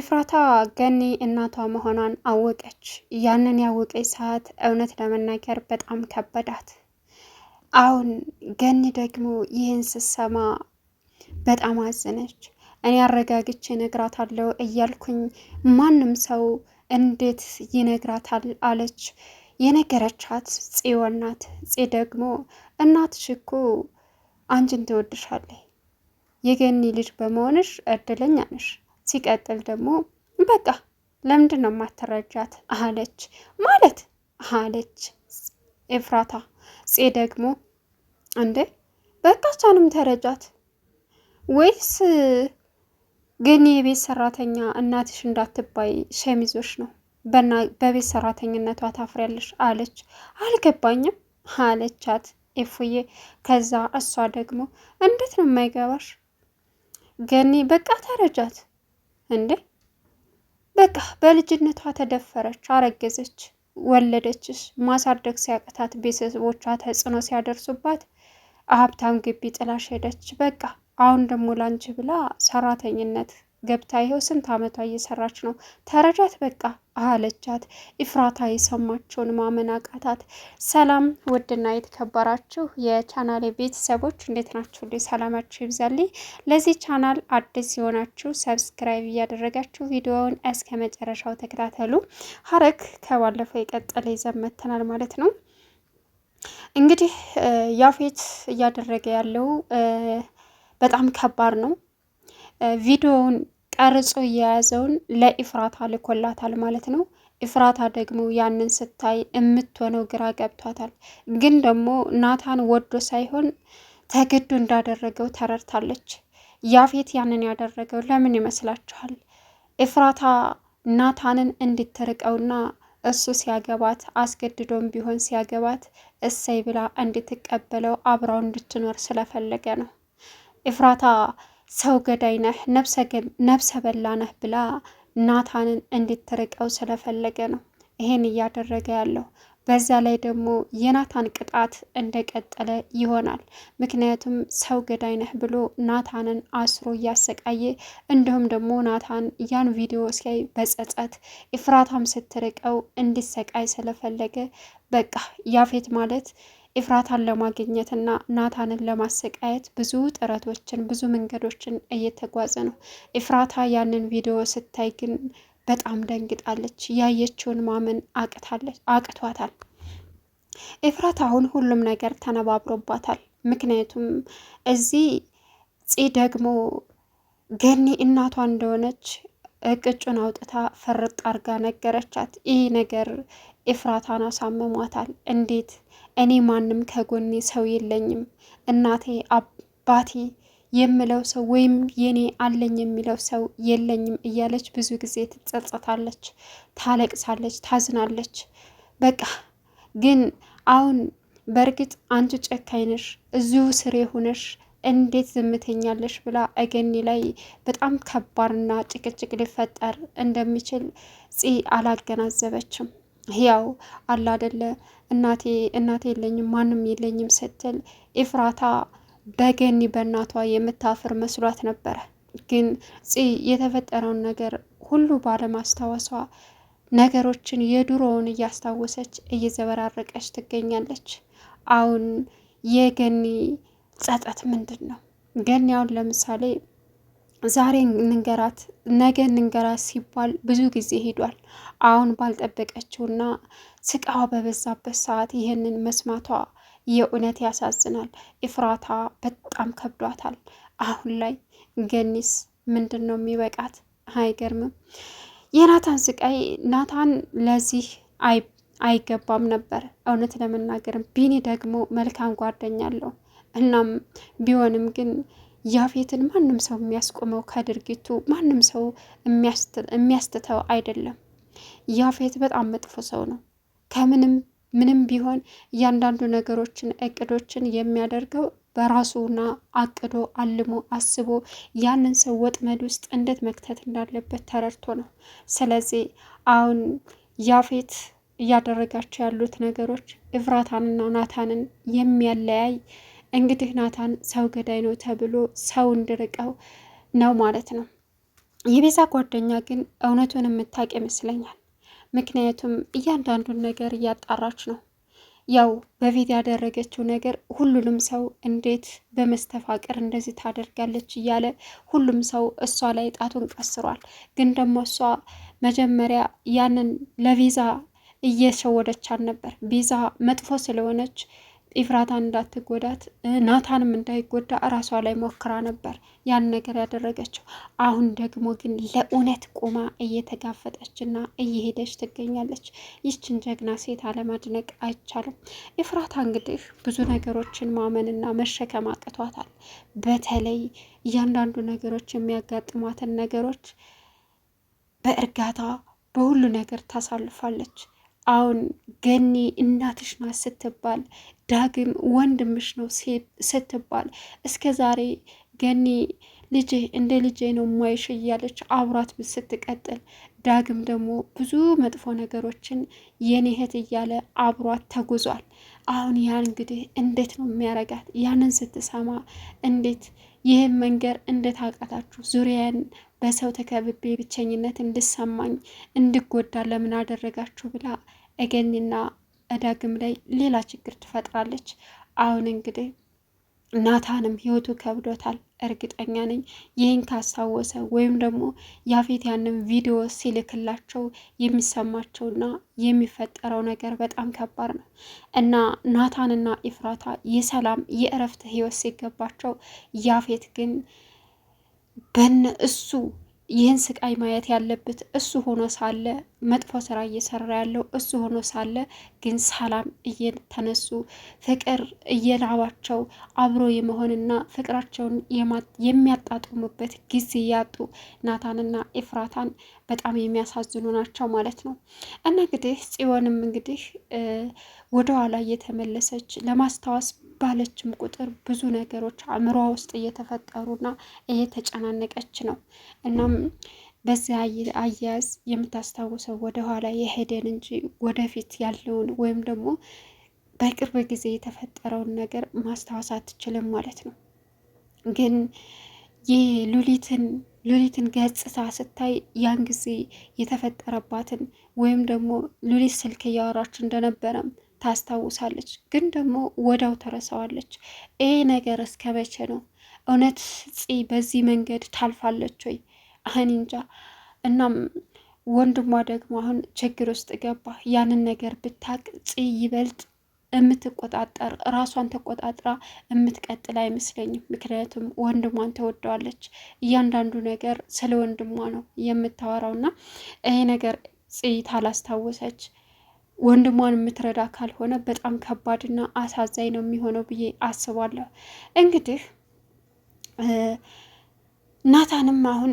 ኤፍራታ ገኒ እናቷ መሆኗን አወቀች። ያንን ያወቀች ሰዓት እውነት ለመናገር በጣም ከበዳት። አሁን ገኒ ደግሞ ይህን ስሰማ በጣም አዘነች። እኔ አረጋግቼ እነግራታለሁ እያልኩኝ ማንም ሰው እንዴት ይነግራታል አለች። የነገረቻት ጽዮን ናት። ጽ ደግሞ እናትሽ እኮ አንቺን ትወድሻለች። የገኒ ልጅ በመሆንሽ እድለኛ ነሽ ሲቀጥል ደግሞ በቃ ለምንድን ነው የማትረጃት አለች ማለት አለች ኤፍራታ። ፄ ደግሞ እንዴ በቃ እሷንም ተረጃት ወይስ ግን የቤት ሰራተኛ እናትሽ እንዳትባይ ሸሚዞች ነው በቤት ሰራተኝነቷ ታፍሪያለሽ አለች። አልገባኝም አለቻት ኤፉዬ። ከዛ እሷ ደግሞ እንዴት ነው የማይገባሽ ገኒ በቃ ተረጃት እንዴ በቃ በልጅነቷ ተደፈረች፣ አረገዘች፣ ወለደችሽ። ማሳደግ ሲያቅታት ቤተሰቦቿ ተጽዕኖ ሲያደርሱባት ሀብታም ግቢ ጥላሽ ሄደች። በቃ አሁን ደግሞ ላንቺ ብላ ሰራተኝነት ገብታ ይኸው ስንት ዓመቷ እየሰራች ነው። ተረጃት በቃ አለቻት። ኢፍራታ የሰማቸውን ማመን አቃታት። ሰላም ውድና የተከበራችሁ የቻናል ቤተሰቦች እንዴት ናችሁ? እንዴ ሰላማችሁ ይብዛልኝ። ለዚህ ቻናል አዲስ የሆናችሁ ሰብስክራይብ እያደረጋችሁ ቪዲዮውን እስከ መጨረሻው ተከታተሉ። ሀረክ ከባለፈው የቀጠለ ይዘን መጥተናል ማለት ነው። እንግዲህ ያፌት እያደረገ ያለው በጣም ከባድ ነው። ቪዲዮውን ቀርጾ የያዘውን ለኢፍራታ ልኮላታል ማለት ነው። ኢፍራታ ደግሞ ያንን ስታይ የምትሆነው ግራ ገብቷታል። ግን ደግሞ ናታን ወዶ ሳይሆን ተገዶ እንዳደረገው ተረድታለች። ያፌት ያንን ያደረገው ለምን ይመስላችኋል? ኢፍራታ ናታንን እንድትርቀውና እሱ ሲያገባት አስገድዶም ቢሆን ሲያገባት እሰይ ብላ እንድትቀበለው አብራው እንድትኖር ስለፈለገ ነው። ኢፍራታ ሰው ገዳይ ነህ፣ ነፍሰ በላ ነህ ብላ ናታንን እንድትርቀው ስለፈለገ ነው ይሄን እያደረገ ያለው። በዛ ላይ ደግሞ የናታን ቅጣት እንደቀጠለ ይሆናል። ምክንያቱም ሰው ገዳይ ነህ ብሎ ናታንን አስሮ እያሰቃየ እንዲሁም ደግሞ ናታን ያን ቪዲዮ ሲያይ በጸጸት ኢፍራታም ስትርቀው እንዲሰቃይ ስለፈለገ በቃ ያፌት ማለት ኢፍራታን ለማግኘትና ናታንን ለማሰቃየት ብዙ ጥረቶችን ብዙ መንገዶችን እየተጓዘ ነው። ኢፍራታ ያንን ቪዲዮ ስታይ ግን በጣም ደንግጣለች። ያየችውን ማመን አቅታለች አቅቷታል። ኢፍራታ አሁን ሁሉም ነገር ተነባብሮባታል። ምክንያቱም እዚህ ፂ ደግሞ ገኒ እናቷ እንደሆነች እቅጩን አውጥታ ፈርጥ አርጋ ነገረቻት። ይህ ነገር ኢፍራታን አሳምሟታል። እንዴት እኔ ማንም ከጎኔ ሰው የለኝም፣ እናቴ አባቴ የምለው ሰው ወይም የኔ አለኝ የሚለው ሰው የለኝም እያለች ብዙ ጊዜ ትጸጸታለች፣ ታለቅሳለች፣ ታዝናለች። በቃ ግን አሁን በእርግጥ አንቺ ጨካኝ ነሽ፣ እዚሁ ስሬ ሆነሽ እንዴት ዝምተኛለሽ ብላ እገኒ ላይ በጣም ከባድና ጭቅጭቅ ሊፈጠር እንደሚችል ፂ አላገናዘበችም። ያው አላ አደለ እናቴ እናቴ የለኝም ማንም የለኝም ስትል ኤፍራታ በገኒ በእናቷ የምታፍር መስሏት ነበረ። ግን ፂ የተፈጠረውን ነገር ሁሉ ባለማስታወሷ ነገሮችን የድሮውን እያስታወሰች እየዘበራረቀች ትገኛለች። አሁን የገኒ ጸጸት ምንድን ነው? ገኒ አሁን ለምሳሌ ዛሬ እንንገራት ነገ እንንገራት ሲባል ብዙ ጊዜ ሄዷል። አሁን ባልጠበቀችውና ስቃዋ በበዛበት ሰዓት ይህንን መስማቷ የእውነት ያሳዝናል። ኢፍራታ በጣም ከብዷታል። አሁን ላይ ገኒስ ምንድን ነው የሚበቃት? አይገርምም። የናታን ስቃይ ናታን ለዚህ አይገባም ነበር። እውነት ለመናገርም ቢኒ ደግሞ መልካም ጓደኛ አለው። እናም ቢሆንም ግን ያፌትን ማንም ሰው የሚያስቆመው ከድርጊቱ ማንም ሰው የሚያስትተው አይደለም። ያፌት በጣም መጥፎ ሰው ነው። ከምንም ምንም ቢሆን እያንዳንዱ ነገሮችን እቅዶችን የሚያደርገው በራሱና አቅዶ አልሞ አስቦ ያንን ሰው ወጥመድ ውስጥ እንዴት መክተት እንዳለበት ተረድቶ ነው። ስለዚህ አሁን ያፌት እያደረጋቸው ያሉት ነገሮች እፍራታንና ናታንን የሚያለያይ እንግዲህ ናታን ሰው ገዳይ ነው ተብሎ ሰው እንድርቀው ነው ማለት ነው። የቤዛ ጓደኛ ግን እውነቱን የምታውቅ ይመስለኛል። ምክንያቱም እያንዳንዱን ነገር እያጣራች ነው። ያው በፊት ያደረገችው ነገር ሁሉንም ሰው እንዴት በመስተፋቅር እንደዚህ ታደርጋለች እያለ ሁሉም ሰው እሷ ላይ ጣቱን ቀስሯል። ግን ደግሞ እሷ መጀመሪያ ያንን ለቪዛ እየሸወደች ነበር። ቪዛ መጥፎ ስለሆነች ኢፍራታን እንዳትጎዳት ናታንም እንዳይጎዳ እራሷ ላይ ሞክራ ነበር ያን ነገር ያደረገችው። አሁን ደግሞ ግን ለእውነት ቆማ እየተጋፈጠችና እየሄደች ትገኛለች። ይችን ጀግና ሴት አለማድነቅ አይቻልም። ኢፍራታ እንግዲህ ብዙ ነገሮችን ማመንና መሸከም አቅቷታል። በተለይ እያንዳንዱ ነገሮች የሚያጋጥሟትን ነገሮች በእርጋታ በሁሉ ነገር ታሳልፋለች። አሁን ገኒ እናትሽ ናት ስትባል፣ ዳግም ወንድምሽ ነው ስትባል፣ እስከ ዛሬ ገኒ ልጄ እንደ ልጄ ነው ማይሽ እያለች አብራት ስትቀጥል፣ ዳግም ደግሞ ብዙ መጥፎ ነገሮችን የኔ እህት እያለ አብሯት ተጉዟል። አሁን ያን እንግዲህ እንዴት ነው የሚያረጋት? ያንን ስትሰማ እንዴት ይህን መንገር እንዴት አቃታችሁ? ዙሪያን በሰው ተከብቤ ብቸኝነት እንድሰማኝ እንድጎዳ ለምን አደረጋችሁ? ብላ እገኒና እዳግም ላይ ሌላ ችግር ትፈጥራለች። አሁን እንግዲህ ናታንም ህይወቱ ከብዶታል። እርግጠኛ ነኝ ይህን ካስታወሰ ወይም ደግሞ ያፌት ያንን ቪዲዮ ሲልክላቸው የሚሰማቸውና የሚፈጠረው ነገር በጣም ከባድ ነው እና ናታንና ኢፍራታ የሰላም የእረፍት ህይወት ሲገባቸው ያፌት ግን በነ እሱ ይህን ስቃይ ማየት ያለበት እሱ ሆኖ ሳለ መጥፎ ስራ እየሰራ ያለው እሱ ሆኖ ሳለ ግን ሰላም እየተነሱ ፍቅር እየላባቸው አብሮ የመሆንና ፍቅራቸውን የሚያጣጥሙበት ጊዜ ያጡ ናታንና ኤፍራታን በጣም የሚያሳዝኑ ናቸው ማለት ነው። እና እንግዲህ ጽዮንም እንግዲህ ወደኋላ እየተመለሰች ለማስታወስ ባለችም ቁጥር ብዙ ነገሮች አእምሯ ውስጥ እየተፈጠሩና እየተጨናነቀች ነው። እናም በዚያ አያያዝ የምታስታውሰው ወደኋላ የሄደን እንጂ ወደፊት ያለውን ወይም ደግሞ በቅርብ ጊዜ የተፈጠረውን ነገር ማስታወስ አትችልም ማለት ነው። ግን ሉሊትን ሉሊትን ገጽታ ስታይ ያን ጊዜ የተፈጠረባትን ወይም ደግሞ ሉሊት ስልክ እያወራች እንደነበረም ታስታውሳለች፣ ግን ደግሞ ወዳው ተረሳዋለች። ይሄ ነገር እስከ መቼ ነው? እውነት ፂ በዚህ መንገድ ታልፋለች ወይ? እኔ እንጃ። እናም ወንድሟ ደግሞ አሁን ችግር ውስጥ ገባ። ያንን ነገር ብታቅ ፂ ይበልጥ የምትቆጣጠር ራሷን ተቆጣጥራ የምትቀጥል አይመስለኝም። ምክንያቱም ወንድሟን ተወደዋለች። እያንዳንዱ ነገር ስለ ወንድሟ ነው የምታወራውና ይሄ ነገር ጽይት አላስታወሰች ወንድሟን የምትረዳ ካልሆነ በጣም ከባድና አሳዛኝ ነው የሚሆነው ብዬ አስባለሁ። እንግዲህ ናታንም አሁን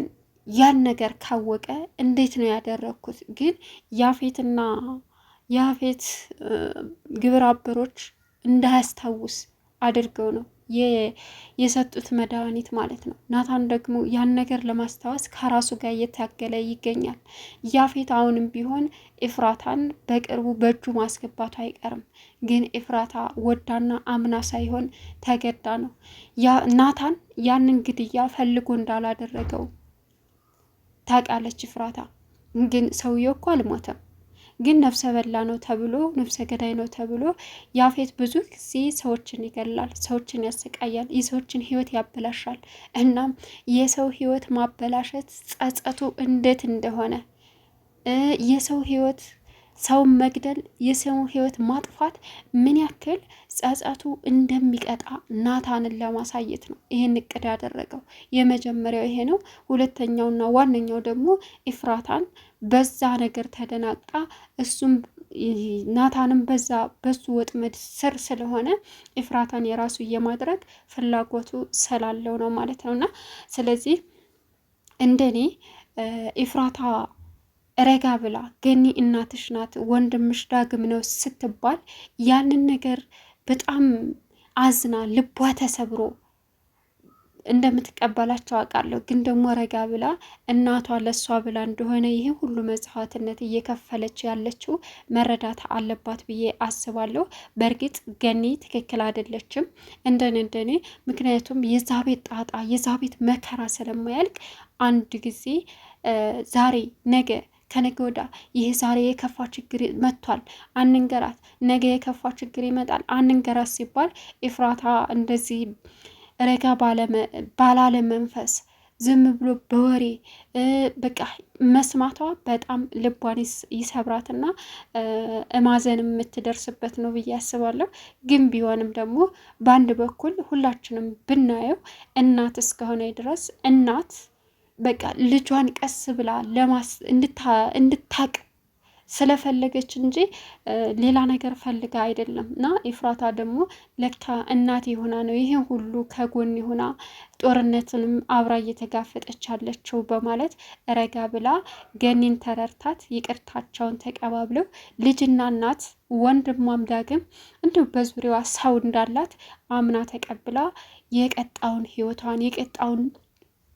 ያን ነገር ካወቀ እንዴት ነው ያደረግኩት? ግን ያፌትና ያፌት ግብረ አበሮች እንዳያስታውስ አድርገው ነው የሰጡት መድኃኒት ማለት ነው። ናታን ደግሞ ያን ነገር ለማስታወስ ከራሱ ጋር እየታገለ ይገኛል። ያፌት አሁንም ቢሆን ኤፍራታን በቅርቡ በእጁ ማስገባቱ አይቀርም። ግን ኤፍራታ ወዳና አምና ሳይሆን ተገዳ ነው። ናታን ያንን ግድያ ፈልጎ እንዳላደረገው ታውቃለች ኤፍራታ። ግን ሰውየው እኮ አልሞተም ግን ነፍሰ በላ ነው ተብሎ ነፍሰ ገዳይ ነው ተብሎ ያፌት ብዙ ጊዜ ሰዎችን ይገላል፣ ሰዎችን ያሰቃያል፣ የሰዎችን ህይወት ያበላሻል። እናም የሰው ህይወት ማበላሸት ጸጸቱ እንዴት እንደሆነ የሰው ህይወት ሰውን መግደል፣ የሰውን ህይወት ማጥፋት ምን ያክል ጸጸቱ እንደሚቀጣ ናታንን ለማሳየት ነው ይህን እቅድ ያደረገው። የመጀመሪያው ይሄ ነው። ሁለተኛውና ዋነኛው ደግሞ ኢፍራታን በዛ ነገር ተደናግጣ እሱም ናታንም በዛ በሱ ወጥመድ ስር ስለሆነ ኢፍራታን የራሱ የማድረግ ፍላጎቱ ስላለው ነው ማለት ነው እና ስለዚህ እንደኔ ኢፍራታ ረጋ ብላ ገኒ እናትሽ ናት፣ ወንድምሽ ዳግም ነው ስትባል ያንን ነገር በጣም አዝና ልቧ ተሰብሮ እንደምትቀበላቸው አውቃለሁ። ግን ደግሞ ረጋ ብላ እናቷ ለሷ ብላ እንደሆነ ይህ ሁሉ መጽዋዕትነት እየከፈለች ያለችው መረዳት አለባት ብዬ አስባለሁ። በእርግጥ ገኒ ትክክል አይደለችም እንደኔ እንደኔ። ምክንያቱም የዛ ቤት ጣጣ የዛ ቤት መከራ ስለማያልቅ አንድ ጊዜ ዛሬ ነገ ከነገ ወዳ ይህ ዛሬ የከፋ ችግር መጥቷል፣ አንንገራት፣ ነገ የከፋ ችግር ይመጣል፣ አንንገራት ሲባል ኤፍራታ እንደዚህ ረጋ ባላለ መንፈስ ዝም ብሎ በወሬ በቃ መስማቷ በጣም ልቧን ይሰብራትና እማዘን የምትደርስበት ነው ብዬ አስባለሁ። ግን ቢሆንም ደግሞ በአንድ በኩል ሁላችንም ብናየው እናት እስከሆነ ድረስ እናት በቃ ልጇን ቀስ ብላ ለማስ እንድታቅ ስለፈለገች እንጂ ሌላ ነገር ፈልጋ አይደለም። እና ኤፍራታ ደግሞ ለካ እናት የሆና ነው ይሄ ሁሉ ከጎን የሆና ጦርነትንም አብራ እየተጋፈጠች ያለችው በማለት ረጋ ብላ ገኒን ተረርታት ይቅርታቸውን ተቀባብለው ልጅና እናት ወንድሟም ዳግም እንዲሁ በዙሪያዋ ሰው እንዳላት አምና ተቀብላ የቀጣውን ህይወቷን የቀጣውን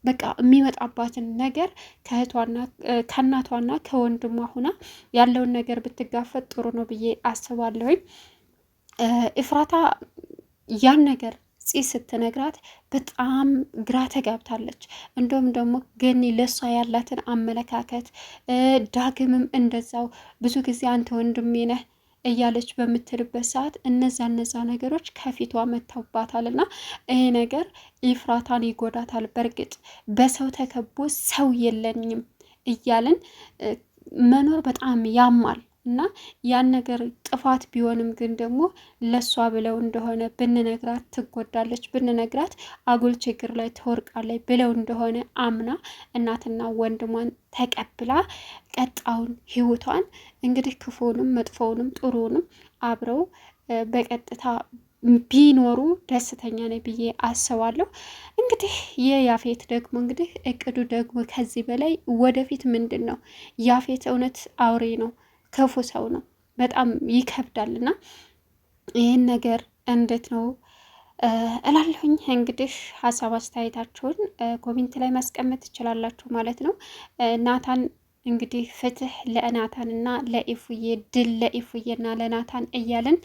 በቃ የሚመጣባትን ነገር ከእህቷና ከእናቷና ከወንድሟ ሁና ያለውን ነገር ብትጋፈጥ ጥሩ ነው ብዬ አስባለሁኝ። እፍራታ ያን ነገር ፂ ስትነግራት በጣም ግራ ተጋብታለች። እንዲሁም ደግሞ ገኒ ለእሷ ያላትን አመለካከት ዳግምም እንደዛው ብዙ ጊዜ አንተ ወንድሜ ነህ እያለች በምትልበት ሰዓት እነዛ እነዛ ነገሮች ከፊቷ መጥተውባታል እና ይሄ ነገር ኢፍራታን ይጎዳታል። በእርግጥ በሰው ተከቦ ሰው የለኝም እያልን መኖር በጣም ያማል። እና ያን ነገር ጥፋት ቢሆንም ግን ደግሞ ለሷ ብለው እንደሆነ ብንነግራት ትጎዳለች፣ ብንነግራት አጉል ችግር ላይ ትወርቃለች ብለው እንደሆነ አምና እናትና ወንድሟን ተቀብላ ቀጣውን ህይወቷን እንግዲህ ክፉንም መጥፎውንም ጥሩንም አብረው በቀጥታ ቢኖሩ ደስተኛ ነኝ ብዬ አስባለሁ። እንግዲህ የያፌት ደግሞ እንግዲህ እቅዱ ደግሞ ከዚህ በላይ ወደፊት ምንድን ነው? ያፌት እውነት አውሬ ነው። ክፉ ሰው ነው። በጣም ይከብዳል። እና ይህን ነገር እንዴት ነው እላለሁኝ እንግዲህ ሀሳብ አስተያየታችሁን ኮሜንት ላይ ማስቀመጥ ትችላላችሁ ማለት ነው። ናታን እንግዲህ ፍትህ ለእናታን እና ለኢፉዬ ድል ለኢፉዬ እና ለናታን እያልን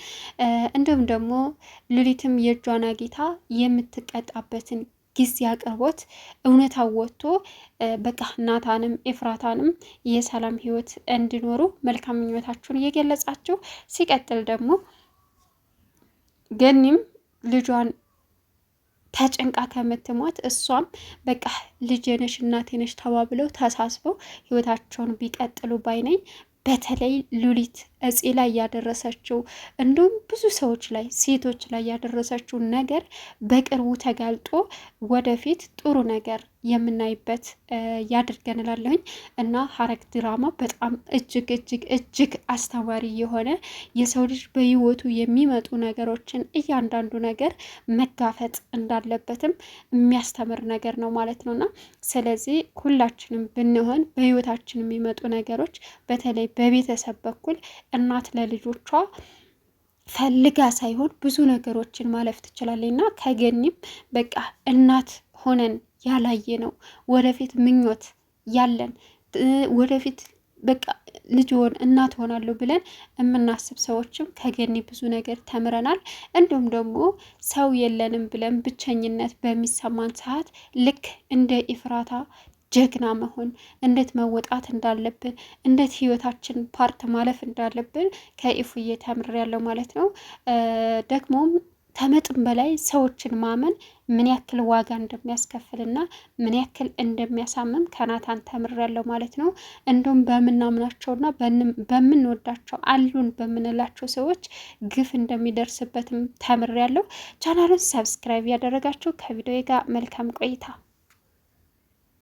እንዲሁም ደግሞ ሉሊትም የእጇን አጌታ የምትቀጣበትን ጊዜ አቅርቦት እውነታው ወጥቶ በቃ ናታንም ኤፍራታንም የሰላም ህይወት እንዲኖሩ መልካም ምኞታችሁን እየገለጻችሁ ሲቀጥል ደግሞ ገኒም ልጇን ተጨንቃ ከምትሟት እሷም በቃ ልጄ ነሽ እናቴ ተባብለው ተሳስበው ህይወታቸውን ቢቀጥሉ ባይነኝ በተለይ ሉሊት እጽ ላይ ያደረሰችው እንዲሁም ብዙ ሰዎች ላይ ሴቶች ላይ ያደረሰችው ነገር በቅርቡ ተጋልጦ ወደፊት ጥሩ ነገር የምናይበት ያድርገን እላለሁኝ እና ሐረግ ድራማ በጣም እጅግ እጅግ እጅግ አስተማሪ የሆነ የሰው ልጅ በህይወቱ የሚመጡ ነገሮችን እያንዳንዱ ነገር መጋፈጥ እንዳለበትም የሚያስተምር ነገር ነው ማለት ነው እና ስለዚህ ሁላችንም ብንሆን በህይወታችን የሚመጡ ነገሮች በተለይ በቤተሰብ በኩል እናት ለልጆቿ ፈልጋ ሳይሆን ብዙ ነገሮችን ማለፍ ትችላለች እና ከገኒም በቃ እናት ሆነን ያላየ ነው ወደፊት ምኞት ያለን ወደፊት በቃ ልጅ ሆን እናት ሆናለሁ ብለን የምናስብ ሰዎችም ከገኒ ብዙ ነገር ተምረናል። እንዲሁም ደግሞ ሰው የለንም ብለን ብቸኝነት በሚሰማን ሰዓት ልክ እንደ ኢፍራታ ጀግና መሆን እንዴት መወጣት እንዳለብን እንዴት ህይወታችን ፓርት ማለፍ እንዳለብን ከኢፉዬ ተምሬያለሁ ማለት ነው። ደግሞም ከመጠን በላይ ሰዎችን ማመን ምን ያክል ዋጋ እንደሚያስከፍልና ምን ያክል እንደሚያሳምም ከናታን ተምሬያለሁ ማለት ነው። እንዲሁም በምናምናቸውና በምንወዳቸው አሉን በምንላቸው ሰዎች ግፍ እንደሚደርስበትም ተምሬያለሁ። ቻናሉን ሰብስክራይብ ያደረጋችሁ ከቪዲዮ ጋር መልካም ቆይታ